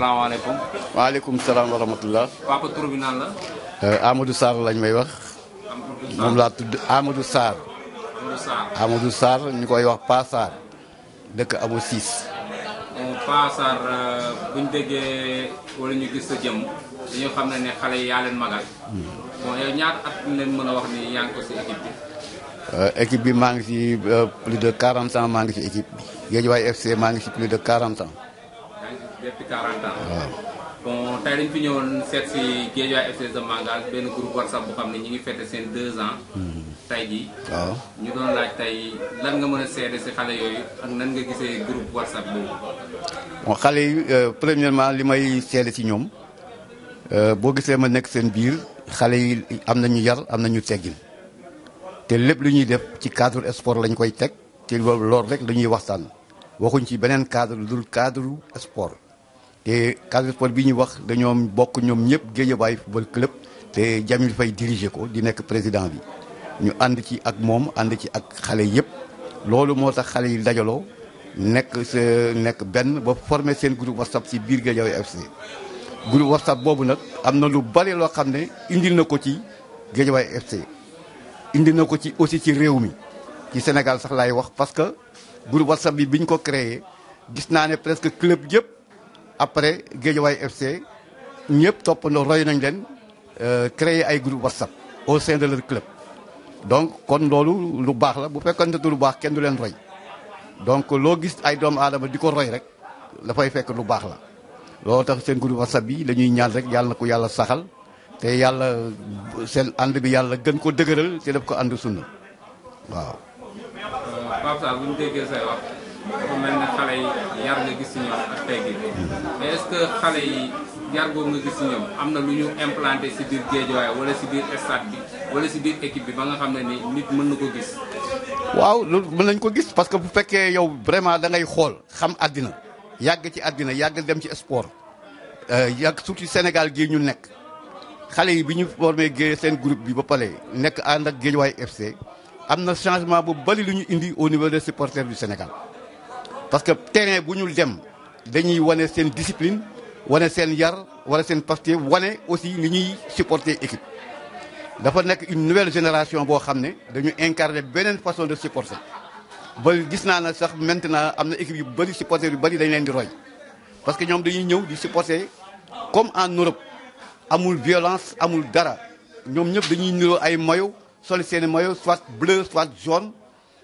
salaamaaleykum. waaleykum salaam wa rahmatulah. papa tur euh, lañ may wax. moom laa tudd amadu Sarr. Amadou Sarr ñu koy wax Pa Sarr dëkk Abo Siis. Euh, pa Sarr euh, bu déggee wala ñu gis sa jëm dañu xam ne ne xale yaa leen magal. Hmm. bon yow ñaata at leen mën a wax ni yaa ngi ko si équipe bi. équipe bi maa ngi si plus de 40 ans maa ngi si équipe Guédiawaye FC maa ngi si plus de 40 ans. depuis dañ fi ñëwoon seet si Guédiawaye FC The benn groupe WhatsApp boo xam ne ñi ngi fête seen deux ans. Mm-hmm. tey jii. ñu doon laaj tey lan nga mën a seede si xale yooyu ak nan nga gisee groupe WhatsApp boobu. xale yi euh, premièrement li may seede ci ñoom euh, boo gisee ma nekk seen biir xale yi am nañu yar am nañu teggin te lépp lu ñuy def ci cadre sport lañ koy teg. te lool rek la ñuy waxtaan waxuñ ci beneen cadre lu dul cadre sport te Casa Sport bi ñuy wax dañoom bokk ñoom ñëpp Guédiawaye football club te Jamil Faye diriger ko di nekk président bi ñu ànd ci ak moom ànd ci ak xale yëpp loolu moo tax xale yi dajaloo nekk sa nekk benn ba former seen groupe WhatsApp ci biir Guédiawaye FC groupe WhatsApp boobu nag am na lu bari loo xam ne indil na ko ci Guédiawaye FC indi na ko ci aussi ci réew mi ci Sénégal sax laay wax parce que groupe WhatsApp bi biñ ko créé gis naa ne presque club yëpp après Guédiawaye FC ñëpp toppandoo roy nañ leen euh, créer ay groupe WhatsApp au sein club. donc kon loolu lu baax la bu fekkante lu baax kenn du leen roy donc loo gis ay doomu aadama di ko roy rek dafay fekk lu baax la. loolu tax seen groupe WhatsApp bi la ñaan rek yàlla na ko yàlla saxal te yàlla seen ànd bi yàlla gën ko dëgëral te def ko ànd sunna waaw. dafa mel ne xale yi yar nga gis si ñoom ak teggi mais est xale yi yar nga gis si ñoom am na lu ñu implanté si biir géejuwaay wala si biir stade bi wala si biir équipe bi ba nga xam ne ni nit mën na ko gis waaw loolu mën nañ ko gis parce que bu fekkee yow vraiment da ngay xool xam àddina yàgg ci àddina yàgg dem ci sport euh, yàgg surtout Sénégal gii ñu nekk xale yi bi ñu formé gée seen groupe bi ba pare nekk ànd ak Guédiawaye FC am na changement bu bari lu ñu indi au niveau des supporters du Sénégal parce que terrain bu ñu dem dañuy wane seen discipline wane seen yar wane seen pasté wane aussi ni supporter équipe dafa nekk une nouvelle génération boo xam ne dañu incarner beneen façon de supporter ba gis naa ne sax maintenant am équipe yu bëri supporter yu bëri dañ leen di roy parce que ñoom dañuy ñëw di supporter comme en Europe amul violence amul dara ñoom ñëpp dañuy niroo ay maillot sol seeni maillot soit bleu soit jaune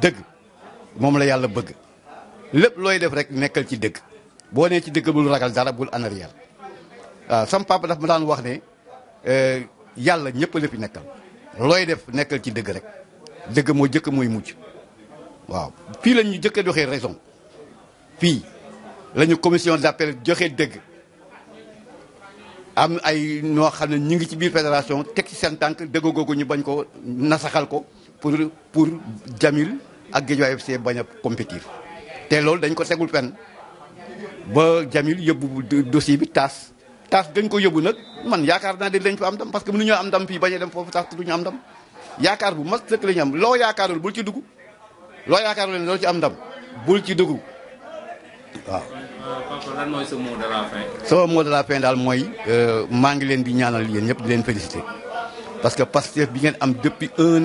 dëgg moom la yàlla bëgg lépp looy def rek nekkal ci dëgg boo nee ci dëgg bul ragal dara bul en arrière daf ma daan wax ne euh, yàlla ñëpp la fi nekkal looy def nekkal ci dëgg rek dëgg moo jëkk mooy mujj waaw fii la ñu jëkk a joxe raison fii lañu ñu commission d'appel joxe dëgg am ay ñoo xam ne ñu ngi ci biir fédération teg ci seen tànk dëgg googu ñu bañ ko nasaxal ko pour pour Jamil ak Guédiawaye FC bañ a compétir te loolu dañ ko tegul pen ba Jamil yóbbu dossier bi taas taas dañ ko yóbbu nag man yaakaar naa de dañ fa am ndam parce que mënuñoo am ndam fii bañ a dem foofu taas ñu am ndam yaakaar bu mas sëkk la ñu am loo yaakaarul bul ci dugg loo yaakaarul leen loo ci am ndam bul ci dugg waaw. papa lan de la fin. daal mooy euh, maa ngi leen di ñaanal yéen ñëpp di leen féliciter parce que Pastef bi ngeen am depuis un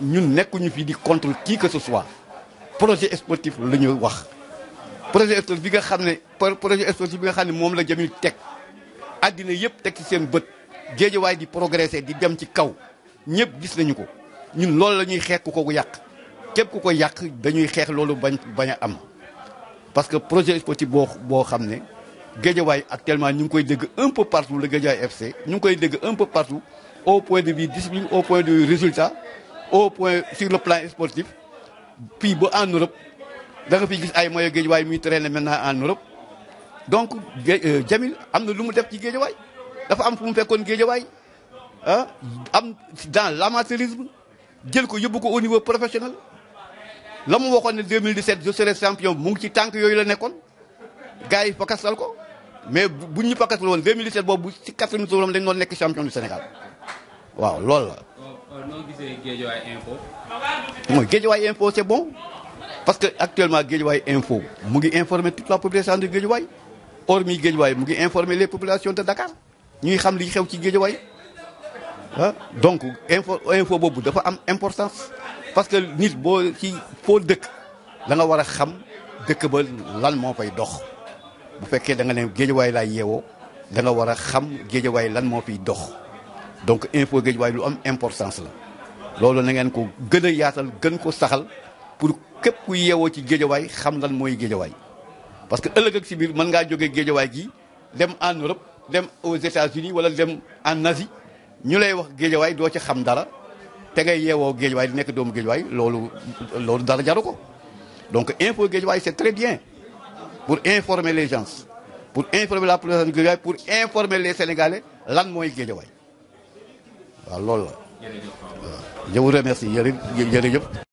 ñun nekkuñu fi di contre qui que ce soit projet sportif la ñu wax. projet sportif bi nga xam projet sportif bi nga xam ne moom la Jamil teg àddina yëpp teg ci seen bët géejawaay di progresser di dem ci kaw ñëpp gis nañu ko ñun loolu la ñuy xeex ku ko yàq képp ku ko yàq dañuy xeex loolu bañ am. parce que projet sportif boo boo xam ne géejawaay actuellement ñu ngi koy dégg un peu partout le géejawaay FC ñu ngi koy dégg un peu partout au point de vue discipline au point de vue résultat au point sur le plan sportif puis en Europe da nga fi gis ay moyo géejawaay muy maintenant en Europe donc euh, Jamil am na lu mu def ci géejawaay dafa am fu mu fekkoon géejawaay ah am dans l'amateurisme il ko a ko au niveau professionnel la mu waxoon en 2017 je serai champion mu ngi ci tànk yooyu la nekkoon gars yi ko mais bu ñu fakastal 2017 bobu ci kattanu suuram dañ doon nekk champion du Sénégal waaw loolu c'est euh, Guédiawaye info Info, c'est bon parce que actuellement Guédiawaye info mu ngi informer toute la population de Guédiawaye hormis Guédiawaye mu ngi informer les populations de Dakar ñuy xam li xew ci Guédiawaye Hein? donc info info boobu dafa am importance parce que nit boo ci foo dëkk da nga war a xam dëkk ba lan moo fay dox bu fekkee da nga ne Guédiawaye laay yeewoo da nga war a xam Guédiawaye lan dox donc impôt Guédiawaye lu am importance la loolu na ngeen ko gën a yaatal gën ko saxal pour képp ku yeewoo ci Guédiawaye xam lan mooy Guédiawaye parce que ëllëg ak si biir mën ngaa jógee Guédiawaye gi dem en Europe dem aux États-Unis wala dem en Asie ñu lay wax Guédiawaye doo ci xam dara te ngay yeewoo Guédiawaye di nekk doomu Guédiawaye loolu loolu dara jaru ko donc impôt Guédiawaye c'est très bien pour informer les gens pour informer la population de pour informer les Sénégalais lan mooy Guédiawaye waaw loolu la. je vous remercie jërëjëf jërëjëf.